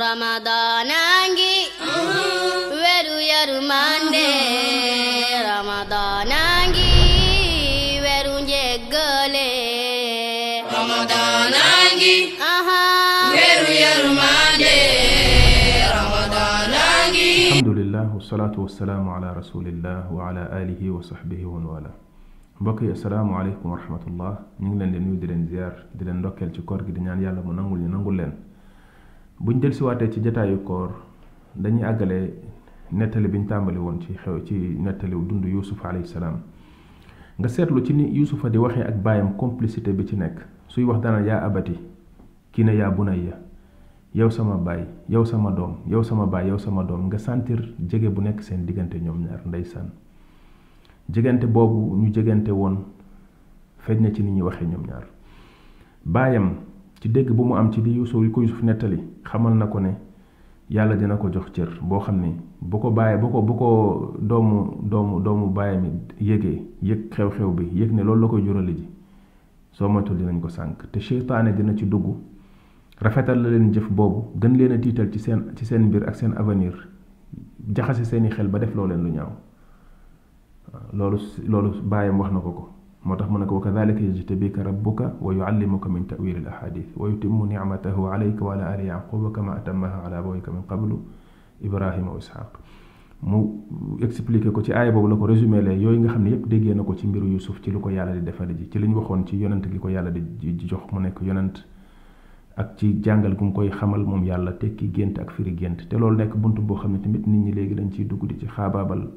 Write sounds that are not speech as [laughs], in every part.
ramadaanangi weru yërmande ramadaanangi weru njëggale ramadaanangi aha weru yërmande ramadaanangi alhamdulillah wasalaatu wasalaamu ala rasulillah wa ala alihi wa sahbihi wa wala mbokk yi assalaamu aleykum wa rahmatullah ñu ngi leen di nuyu di leen ziar di leen ndokkeel ci koor gi di ñaan yàlla mu nangul ñu nangul leen buñ dellusiwaatee ci jataayu koor dañuy àggale nettali biñ tàmbali woon ci xew ci nettaliw dund yuusuf alayhi salaam nga seetlu ci ni yuusufa di waxee ak baayam complicité bi ci nekk suy wax dana yaa abati kii ne yaa bunayya yow sama baay yow sama doom yow sama baay yow sama doom nga sentir jege bu nekk seen diggante ñoom ñaar ndeysaan jegante boobu ñu jegante woon feeñ na ci ni ñuy waxee ñoom ñaar baayam ci dégg bu mu am ci li Yuusuf li ko Yuusuf nettali xamal na ko ne yàlla dina ko jox cër boo xam ne bu ko bàyyee bu ko bu ko doomu doomu doomu bàyyi mi yéegee yëg xew-xew bi yëg ne loolu la koy jurali ji soo moytul dinañ ko sànk te seytaane dina ci dugg rafetal la leen jëf boobu gën leen a tiital ci seen ci seen mbir ak seen avenir jaxase seeni xel ba def loo leen lu ñaaw loolu loolu bàyyam wax na ko ko moo tax mu ne ko wa kadalika yajtabika rabbuka wa yuallimuka min tawil al ahadith wa yutimmu nicmatahu alayka wa ala ali yaquba kama atammaha ala abawayka min ibrahima ishaq mu expliqué ko ci aaya boobu la ko résumé la yooyu nga xam ne yëpp déggee na ko ci mbiru yusuf ci lu ko yàlla di defal ji ci li ñu waxoon ci yonent gi ko yàlla di jox mu nekk yonent ak ci jàngal gu mu koy xamal moom yàlla tekki gént ak firi gént te loolu nekk bunt boo xam ne nit ñi léegi dañ ciy dugg di ci xaabaabal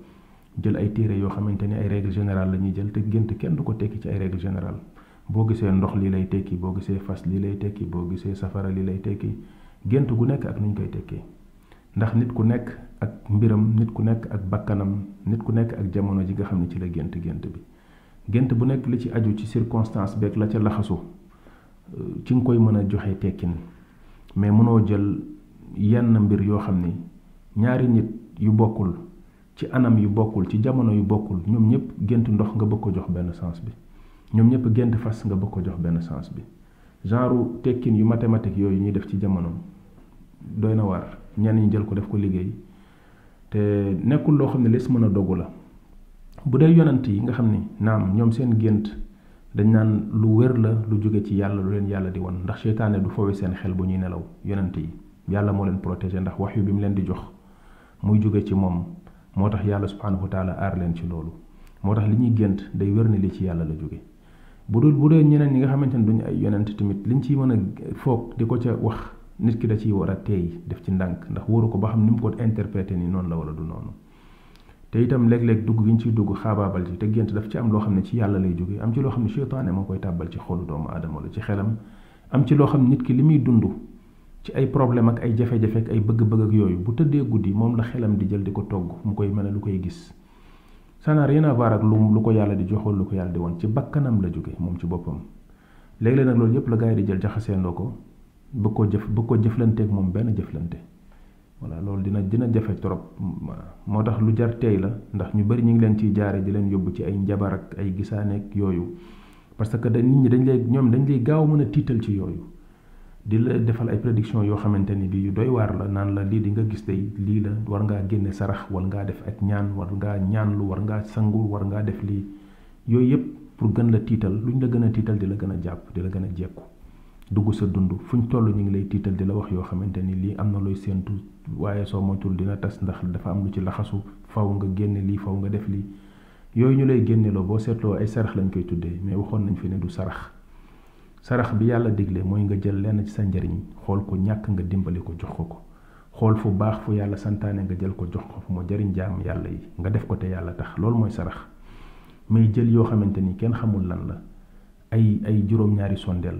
jël ay téere yoo xamante ni ay règle générale lañuy ñuy jël te gént kenn du ko tekki ci ay règle générale boo gisee ndox li lay tekki boo gisee fas li lay tekki boo gisee safara lii lay tekki gént gu nekk ak nuñ koy tekkee ndax nit ku nekk ak mbiram nit ku nekk ak bakkanam nit ku nekk ak jamono ji nga xam ne ci la gént gént bi gént bu nekk li ci aju ci circonstance beeg la ca laxasu ci nga koy mën a joxe tekkin mais mënoo jël yenn mbir yoo xam ni ñaari nit yu bokkul ci anam yu bokkul ci jamono yu bokkul ñoom ñëpp gént ndox nga bëgg ko jox benn sens bi ñoom ñëpp gént fas nga bëgg ko jox benn sens bi genre tekkin yu mathématique yooyu ñuy def ci jamono doy na waar ñenn ñi jël ko def ko liggéey te nekkul loo xam ne lees mën a dogu la bu dee yonant yi nga xam ni naam ñoom seen gént dañ naan lu wér la lu jóge ci yàlla lu leen yàlla di won ndax seytaane du foowe seen xel bu ñuy nelaw yonant yi yàlla moo leen protégé ndax wax yu bi mu leen di jox muy jóge ci moom moo tax yàlla subhaanahu wa taala aar leen ci loolu moo tax li ñuy gént day wér na li ci yàlla la jóge bu dul bu dee ñeneen ñi nga xamante ne duñu ay yonent tamit liñ ciy mën a foog di ko ca wax nit ki da ciy war a teey def ci ndànk ndax waru ko ba xam ni mu ko interprété ni noonu la wala du noonu te itam léeg-léeg dugg gi ñu ciy dugg xaabaabal ci te gént daf ci am loo xam ne ci yàlla lay jóge am ci loo xam ne seytaane moo koy tàbbal ci xolu doomu aadama la ci xelam am ci loo xam nit ki li muy dund ci ay problème ak ay jafe-jafe ak ay bëgg-bëgg ak yooyu bu tëddee guddi moom la xelam di jël di ko togg mu koy mel ne lu koy gis ça n'a rien à voir lu ko yàlla di joxoon lu ko yàlla di woon ci bakkanam la jóge moom ci boppam léeg-léeg nag loolu yëpp la gars yi di jël jaxaseendoo ko bëgg ko jëf bëgg ko jëflanteeg moom benn jëflante voilà loolu dina dina jafe trop moo tax lu jar tey la ndax ñu bari ñu ngi leen ciy jaare di leen yóbbu ci ay njabar ak ay gisaaneeg yooyu parce que dañ nit ñi dañu lay ñoom dañ lay gaaw mën a tiital ci yooyu di la defal ay prédiction yoo xamante ni bi yu doy waar la naan la lii di nga gis tey lii la war ngaa génne sarax war ngaa def ak ñaan war ngaa lu war ngaa sangu war ngaa def lii yooyu yëpp pour gën la tiital luñ la gën a tiital di la gën a jàpp di la gën a jekku dugg sa dund fuñ toll ñu ngi lay tiital di la wax yoo xamante ni lii am na looy séentu waaye soo moytul dina tas ndax dafa am ci laxasu faw nga génne lii faw nga def lii yooyu ñu lay génne loo boo seetloo ay sarax lañ koy tuddee mais waxoon nañ fi ne du sarax sarax bi yàlla digle mooy nga jël lenn ci sa njariñ xool ko ñàkk nga dimbali ko jox ko ko xool fu baax fu yàlla santaane nga jël ko jox ko fu mu jariñ jaam yàlla yi nga def ko te yàlla tax loolu mooy sarax may jël yoo xamante ni kenn xamul lan la ay ay juróom-ñaari sondeel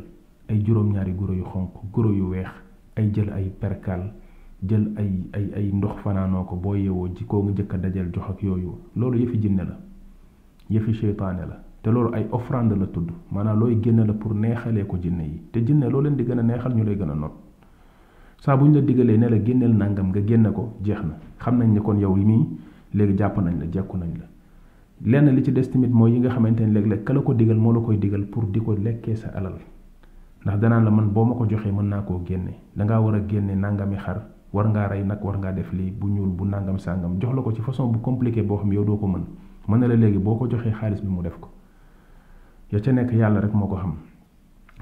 ay juróom-ñaari guro yu xonq guro yu weex ay jël ay perkal jël ay ay ay ndox fanaanoo ko boo yewoo jikkoo koo nga jëkk dajal jox ak yooyu loolu yëfi jinne la yëfi seytaane la te loolu ay offrande la tudd maanaa looy génne la pour neexalee ko jinne yi te jinne loo leen di gën a neexal ñu lay gën a not saa bu ñu la digalee ne la génneel nangam nga génne ko jeex na xam nañ ne kon yow yi mii léegi jàpp nañ la jekku nañ la lenn li ci des tamit mooy yi nga xamante ne léeg-léeg ka la ko digal moo la koy digal pour di ko lekkee sa alal ndax danaan la man boo ma ko joxee mën naa koo génne dangaa war a génne nàngami xar war ngaa rey nag war ngaa def lii bu ñuul bu nàngam sàngam jox la ko ci façon bu compliqué boo xam yow doo ko mën mën na la léegi boo ko joxee xaalis bi mu def ko ya ca nekk yàlla rek moo ko xam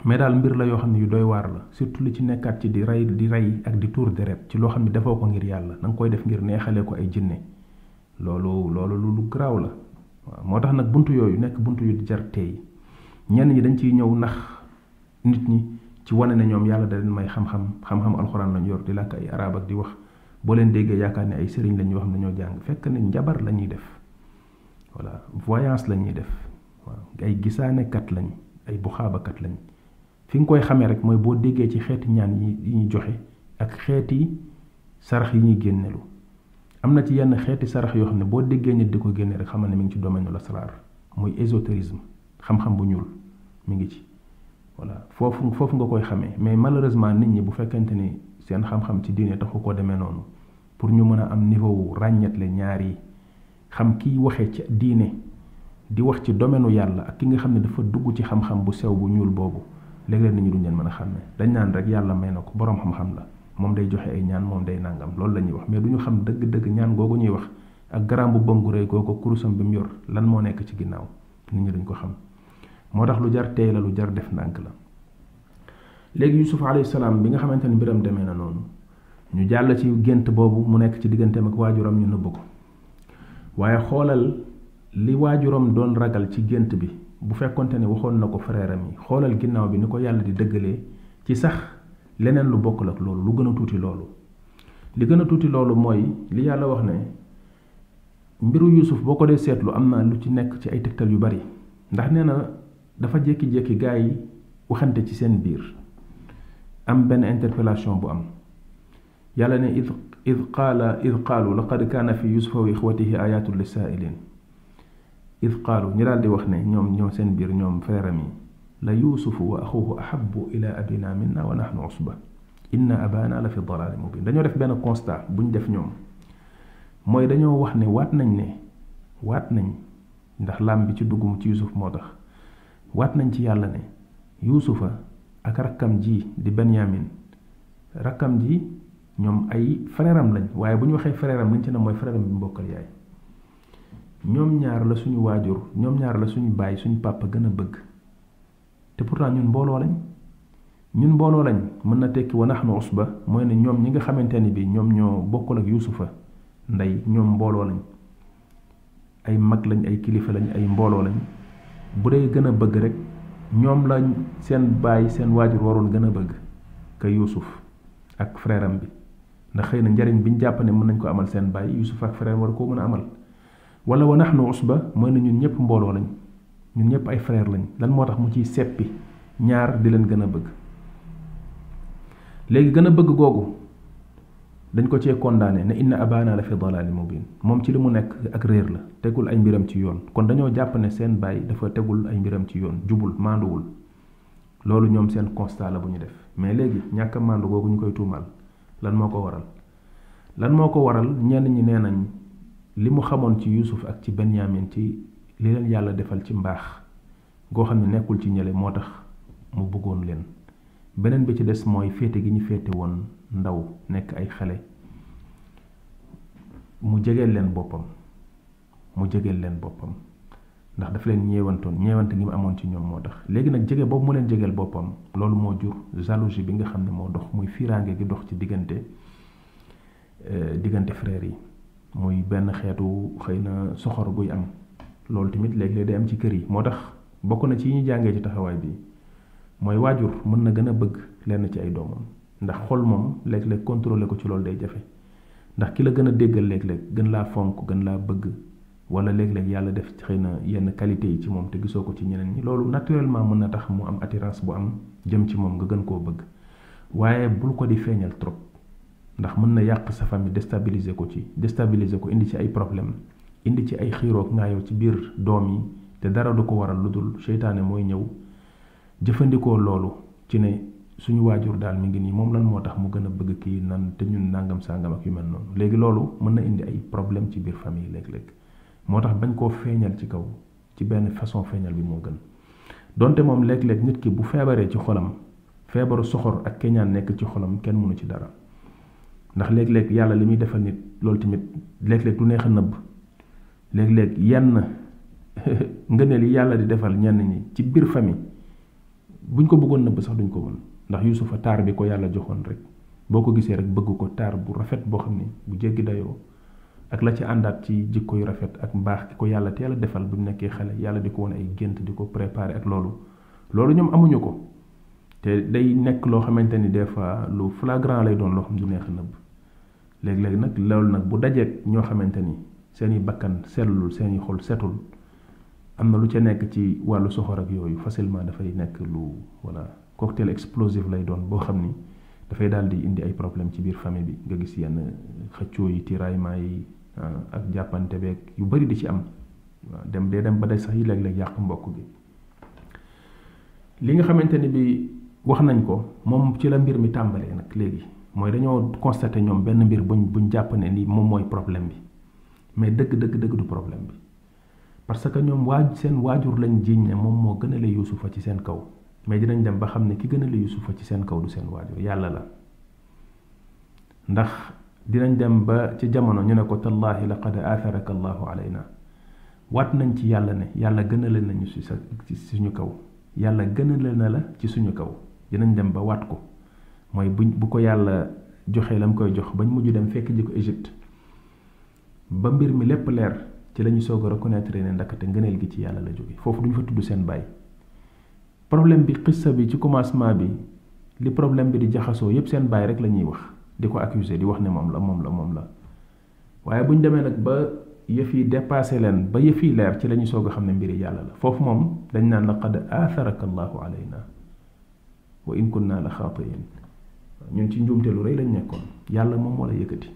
mais daal mbir la yoo xam ne yu dooy waar la surtout lu ci nekkaat ci di rey di rey ak di tuur deret ci loo xam ne defoo ko ngir yàlla danga koy def ngir neexalee ko ay jinne loolu loolu lu garaaw la moo tax nag buntu yooyu nekk buntu yu jar tey ñenn ñi dañ ciy ñëw nax nit ñi ci wane ne ñoom yàlla da leen may xam-xam xam-xam alxuraan lañ yor di làkk ay arab ak di wax boo leen déggee yaakaar ne ay sëriñ lañ yoo xam ne ñoo jàng fekk ne njabar la ñuy def voilà voyance def. waaw ay gisaanekat lañ ay buxaabakat lañ fi nga koy xamee rek mooy boo déggee ci xeeti ñaan yi ñu joxe ak xeeti sarax yi ñuy génnelu am na ci yenn xeeti sarax yoo xam ne boo déggee nit di ko génne rek xamal ne mu ngi ci domaine la asraar muy ésotérisme xam-xam bu ñuul mi ngi ci voilà foofu foofu nga koy xamee mais malheureusement nit ñi bu fekkente ni seen xam-xam ci diine taxu ko demee noonu pour ñu mën a am niveau ràññetle ñaar yi xam kiy waxee ci diine di wax ci domaine u yàlla ak ki nga xam ne dafa dugg ci xam-xam bu sew bu ñuul boobu léeg-léeg nit ñi duñ leen mën a xàmme dañ naan rek yàlla may na ko boroom xam-xam la moom day joxe ay ñaan moom day nàngam loolu lañuy ñuy wax mais du ñu xam dëgg-dëgg ñaan googu ñuy wax ak garaam bu bëngu rëy googu kurusam bi mu yor lan moo nekk ci ginnaaw nit ñi duñ ko xam moo tax lu jar tey la lu jar def ndànk la léegi Yusuf alayhi salaam bi nga xamante ne mbiram demee na noonu ñu jàll ci gént boobu mu nekk ci digganteem ak waajuram ñu nëbb ko waaye li waajuram doon ragal ci gént bi bu fekkonte ne waxoon na ko frère am yi xoolal ginnaaw bi ni ko yàlla di dëggalee ci sax leneen lu bokkul ak loolu lu gën a tuuti loolu li gën a tuuti loolu mooy li yàlla wax ne mbiru Yuusuf boo ko dee seetlu am na lu ci nekk ci ay tegtal yu bari ndax nee na dafa jékki-jékki gaa yi waxante ci seen biir am benn interpellation bu am yàlla ne id id qaala id qaalu laqad kaana fi yusufa wa ixwatihi ayatul lisaa'ilin id qaalu ñu daal di wax ne ñoom ñoom seen biir ñoom feeram yi la yuusufu wa axuhu ahabu ila abina minna wa nahnu usba inna abana la fi dalali mubin dañoo def benn constat bu ñu def ñoom mooy dañoo wax ne waat nañ ne waat nañ ndax lam bi ci duggum ci yuusuf moo tax waat nañ ci yàlla ne yuusufa ak rakkam ji di benyamin rakkam ji ñoom ay frèram lañ waaye bu ñu waxee frèram liñ ci ne mooy frèram bi mbokkal yaay ñoom ñaar la suñu waajur ñoom ñaar la suñu baay suñu pàpp a gën a bëgg te pourtant ñun mbooloo lañ ñun mbooloo lañ mën na tekki na nahnu usba mooy ne ñoom ñi nga xamante ni bi ñoom ñoo bokkul ak yuusufa ndey ñoom mbooloo lañ ay mag lañ ay kilifa lañ ay mbooloo lañ bu dee gën a bëgg rek ñoom lañ seen baay seen waajur waroon gën a bëgg ka yuusuf ak frère am bi ndax xëy na njariñ bi ñu jàpp ne mën nañ ko amal seen baay yuusuf ak frère war koo mën a amal wala wanax naxnu usba mooy ne ñun ñëpp mbooloo lañ ñun ñëpp ay frère lañ lan moo tax mu ciy seppi ñaar di leen gën a bëgg léegi gën a bëgg googu dañ ko cee condamné ne inna abana la fi dalali mubin moom ci li mu nekk ak réer la tegul ay mbiram ci yoon kon dañoo jàpp ne seen bàyyi dafa tegul ay mbiram ci yoon jubul mànduwul loolu ñoom seen constat la bu ñu def mais léegi ñàkk a màndu googu ñu koy tuumaal lan moo ko waral lan moo ko waral ñenn ñi nee nañ li mu xamoon ci Yuusuf ak ci Benyamin ci li leen yàlla defal ci mbaax goo xam ne nekkul ci ñële moo tax mu bëggoon leen beneen bi ci des mooy féete gi ñu féete woon ndaw nekk ay xale mu jegeel leen boppam mu jegeel leen boppam ndax dafa leen ñeewantoon ñeewante gi mu amoon ci ñoom moo tax léegi nag jege boobu mu leen jegeel boppam loolu moo jur jalousie bi nga xam ne moo dox muy fiiraange gi dox ci diggante euh, diggante frères yi muy benn xeetu xëy na soxor guy am loolu tamit léeg-léeg day am ci kër yi moo tax bokk na ci yi ñu jàngee ci taxawaay bi mooy waajur mën na gën a bëgg lenn ci ay doomam ndax xol moom léeg-léeg contrôler ko ci loolu day jafe ndax ki la gën a déggal léeg-léeg gën laa fonk gën laa bëgg wala léeg-léeg yàlla def xëy na yenn qualité yi ci moom te gisoo ko ci ñeneen ñi loolu naturellement mën na tax mu am attirance bu am jëm ci moom nga gën koo bëgg waaye bul ko di feeñal trop. ndax mën na yàq sa famille déstabiliser ko ci déstabiliser ko indi ci ay problème indi ci ay xiiroog nga yow ci biir doom yi te dara du ko waral lu dul seytaane mooy ñëw jëfandikoo loolu ci ne suñu waajur daal mu ngi nii moom lan moo tax mu gën a bëgg kii nan te ñun nangam sangam ak yu mel noonu léegi loolu mën na indi ay problème ci biir famille léeg lekk moo tax bañ koo feeñal ci kaw ci benn façon feeñal bi moo gën donte moom léeg-léeg nit ki bu feebaree ci xolam feebaru soxor ak keñaan nekk ci xolam kenn mënu ci dara ndax léeg-léeg yàlla li muy defal nit loolu tamit léeg-léeg du neex a nëbb léeg-léeg yenn [laughs] ngëneel yi yàlla di defal ñenn ñi ci biir famille buñ ko bëggoon nëbb sax duñ ko woon ndax yusufa taar bi ko yàlla joxoon rek boo ko gisee rek bëgg ko taar bu rafet boo xam ne bu jéggi dayoo ak la ci àndaat ci jikko yu rafet ak mbaax ki ko yàlla teel a defal bu nekkee xale yàlla di ko woon ay gént di ko préparer ak loolu loolu ñoom amuñu ko te day nekk loo xamante ni des fois lu flagrant lay doon loo xam du neex a nëbb léeg-léeg nag loolu nag bu dajeek ñoo xamante ni seeni bakkan sellul seeni xol setul am na lu ca nekk ci wàllu soxor ak yooyu facilement dafay nekk lu voilà cocktail explosif lay doon boo xam ni dafay daal di indi ay problème ci biir famille bi nga gis yenn xëccoo yi tiraillement yi ah, ak jàppante beeg yu bari di ci am waaw dem dee dem ba day sax yi léeg-léeg yàq mbokk bi li nga bi wax nañ ko moom ci la mbir mi tàmbalee nag léegi mooy dañoo constaté ñoom benn mbir buñ buñ jàpp ne ni moom mooy problème bi mais dëgg dëgg dëgg du problème bi parce que ñoom waa seen waajur lañ jiiñ ne moom moo gën a la yusufa ci seen kaw mais dinañ dem ba xam ne ki gën a la yusufa ci seen kaw du seen waajur yàlla la ndax dinañ dem ba ci jamono ñu ne ko tallaahi laqad aatharaka allahu alayna waat nañ ci yàlla ne yàlla gënale nañu ci sa ci suñu kaw yàlla gënale na la ci suñu kaw dinañ dem ba waat ko mooy buñ bu ko yàlla joxee lam koy jox bañ mujj dem fekk ji ko Égypte ba mbir mi lépp leer ci lañu soog a reconnaître ne ndakate ngëneel gi ci yàlla la jóge foofu duñ fa tudd seen baay problème bi xissa ci commencement bi li problème bi di jaxasoo yépp seen baay rek la ñuy wax di ko accuser di wax ne moom la moom la moom la waaye bu demee nag ba yëf yi dépassé leen ba yëf yi leer ci la ñu soog a xam ne mbiri yàlla la foofu moom dañ naan laqad aatharaka allahu alayna wa in kunna la xaatiin ñun ci njuumte lu rëy lañ nekkoon yàlla moom moo la yëkkati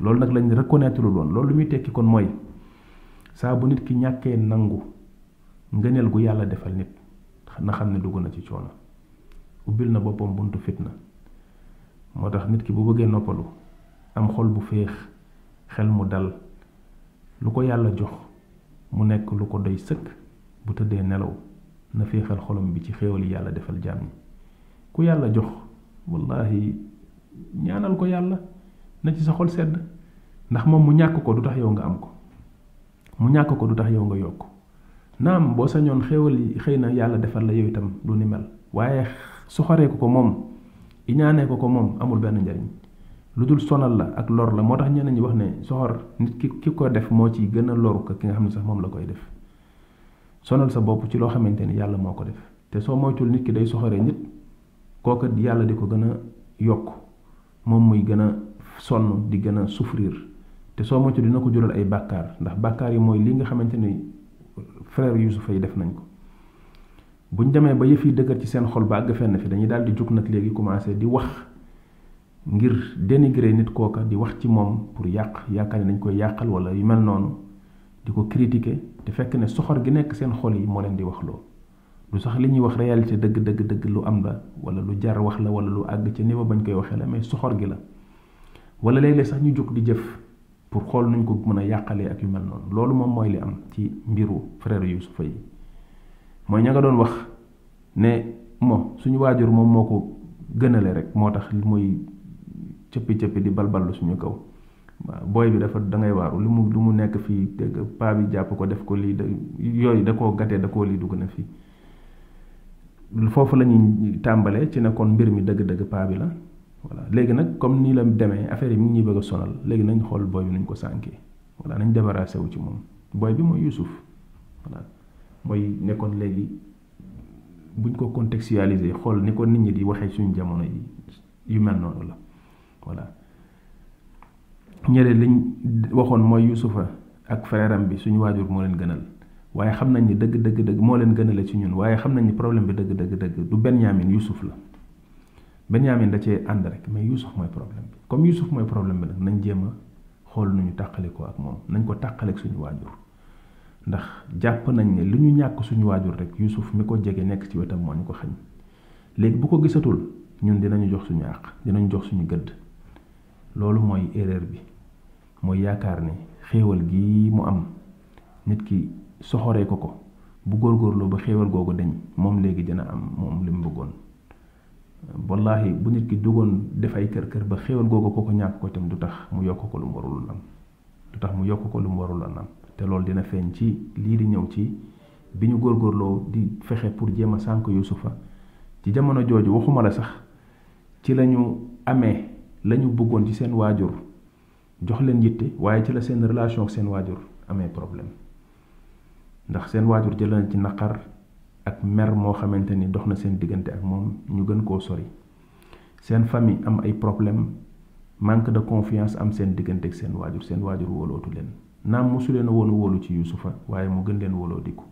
loolu nag lañ reconnaître lu doon lool lu muy tekki kon mooy saa bu nit ki ñàkkee nangu ngëneel gu yàlla defal nit na xam ne dugg na ci coono ubbil na boppam buntu fitna moo tax nit ki bu bëggee noppalu am xol bu féex xel mu dal lu ko yàlla jox mu nekk lu ko doy sëkk bu tëddee nelaw na féexal xolom bi ci xéewal yi yàlla defal jaam ku yàlla jox wallahi ñaanal ko yàlla na ci sa xol sedd ndax moom mu ñàkk ko du tax yow nga am ko mu ñàkk ko du tax yow nga yokk naam boo sañoon xéewal yi xëy na yàlla defal la yow itam du ni mel waaye soxoree ko ko moom iñaanee ko ko moom amul benn njariñ lu dul sonal la ak lor la moo tax ñeneen ñi wax ne soxor nit ki ki ko def moo ci gën a loru ki nga xam ne sax moom la koy def sonal sa bopp ci loo xamante ni yàlla moo ko def te soo moytul nit ki day soxoree nit kooka yàlla di ko gën a yokk moom muy gën a sonn di gën a souffrir te soo moytul dina ko jural ay bàkkaar ndax bàkkaar yi mooy li nga xamante ni frère Yuusufa yi def nañ ko buñ demee ba yëf yi dëgër ci seen xol ba àgg fenn fi dañuy daal di jug nag léegi commencé di wax ngir dénigrer nit kooka di wax ci moom pour yàq yaakaar ne dañ koy yàqal wala yu mel noonu di ko critiquer di fekk ne soxor gi nekk seen xol yi moo leen di wax loo lu sax li ñuy wax réalité dëgg dëgg dëgg lu am la wala lu jar wax la wala lu àgg ci niveau bañ koy waxee la mais soxor gi la wala léeg-léeg sax ñu jóg di jëf pour xool nuñ ko mën a yàqalee ak yu mel noonu loolu moom mooy li am ci mbiru frère Yuusufa yi mooy ña nga doon wax ne moo suñu waajur moom moo ko gënale rek moo tax muy cëppi cëppi di balballu suñu kaw waaw booy bi dafa da ngay waaru lu mu lu mu nekk fii dégg paa bi jàpp ko def ko lii da yooyu da koo gatee da koo lii dugg na fii foofu la ñuy tàmbalee ci ne mbir mi dëgg-dëgg paa bi la voilà léegi nag comme nii la deme affaire yi mi ngi ñuy bëgg a sonal léegi nañ xool booy bi nañ ko sànkee voilà nañ débarrassé wu ci moom booy bi mooy Youssouf voilà mooy nekkoon léegi buñ ko contextualiser xool ni ko nit ñi di waxee suñu jamono yi yu mel noonu la voilà. li liñ waxoon mooy yusufa ak fereeram bi suñu waajur moo leen gënal waaye xam nañ ni dëgg dëgg dëgg moo leen gënale ci ñun waaye xam nañ ñi problème bi dëgg dëgg dëgg du Benyamin Yusuf la Benyamin da cee ànd rek mais Yusuf mooy problème bi comme Yusuf mooy problème bi nag nañ jéem a xool nu ñu tàqalikoo ak moom nañ ko tàqaleek suñu waajur ndax jàpp nañ ne li ñu ñàkk suñu waajur rek Yusuf mi ko jege nekk ci wetam moo ñu ko xañ léegi bu ko gisatul ñun dinañu jox suñu àq jox suñu gëdd loolu mooy erreur bi mooy yaakaar ne xéewal gi mu am nit ki soxoree ko ko bu góorgóorloo ba xéewal googu dañ moom léegi dina am moom li mu bëggoon wallaahi bu nit ki duggoon def ay kër kër ba xéewal googu kooku ñàkk ko itam du tax mu yokk ko lu mu am du tax mu yokk ko lu mu warul am te loolu dina feeñ ci lii di ñëw ci bi ñu góor góorloo di fexe pour jéem a sànk Yuusufa ci jamono jooju waxuma la sax ci lañu amee lañu bëggoon ci seen waajur jox leen yitte waaye ci la seen relation ak seen waajur amee problème ndax seen waajur jël ci naqar ak mer moo xamante ni dox na seen diggante ak moom ñu gën koo sori seen famille am ay problème manque de confiance am seen diggante ak seen waajur seen waajur wóolootu leen naam mosu leen a woon wóolu ci Yuusufa waaye mu gën leen wóoloo diku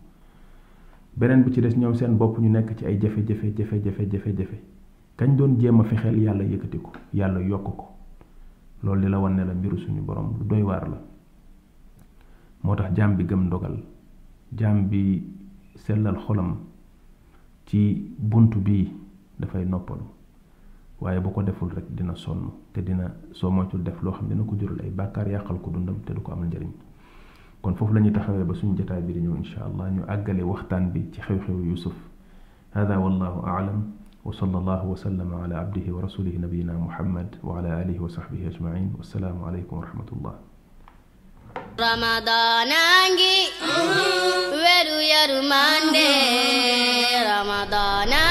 beneen bi ci des ñoom seen bopp ñu nekk ci ay jafe-jafe jafe-jafe jafe-jafe kañ doon jéem a fexeel yàlla yëkkati ko yàlla yokk ko loolu di la wan ne la mbiru suñu borom lu doy waar la moo tax jaam bi gëm ndogal jaam bi sellal xolam ci bunt bi dafay noppalu waaye bu ko deful rek dina sonn te dina soo moytul def loo xam dina ko jural ay bàkkaar yàqal ko dundam te du ko amal njariñ kon foofu la ñuy taxawee ba suñu jotaay bi di ñëw insha allah ñu àggale waxtaan bi ci xew-xew yusuf hada wallahu aalam wa sallallahu wa sallam ala abdihi wa rasulihi nabiyina muhammad wa ala alihi wa sahbihi ajmain wassalaamu aleykum wa rahmatullah ramadaana ngi weru uh-huh. yërmande ramadaana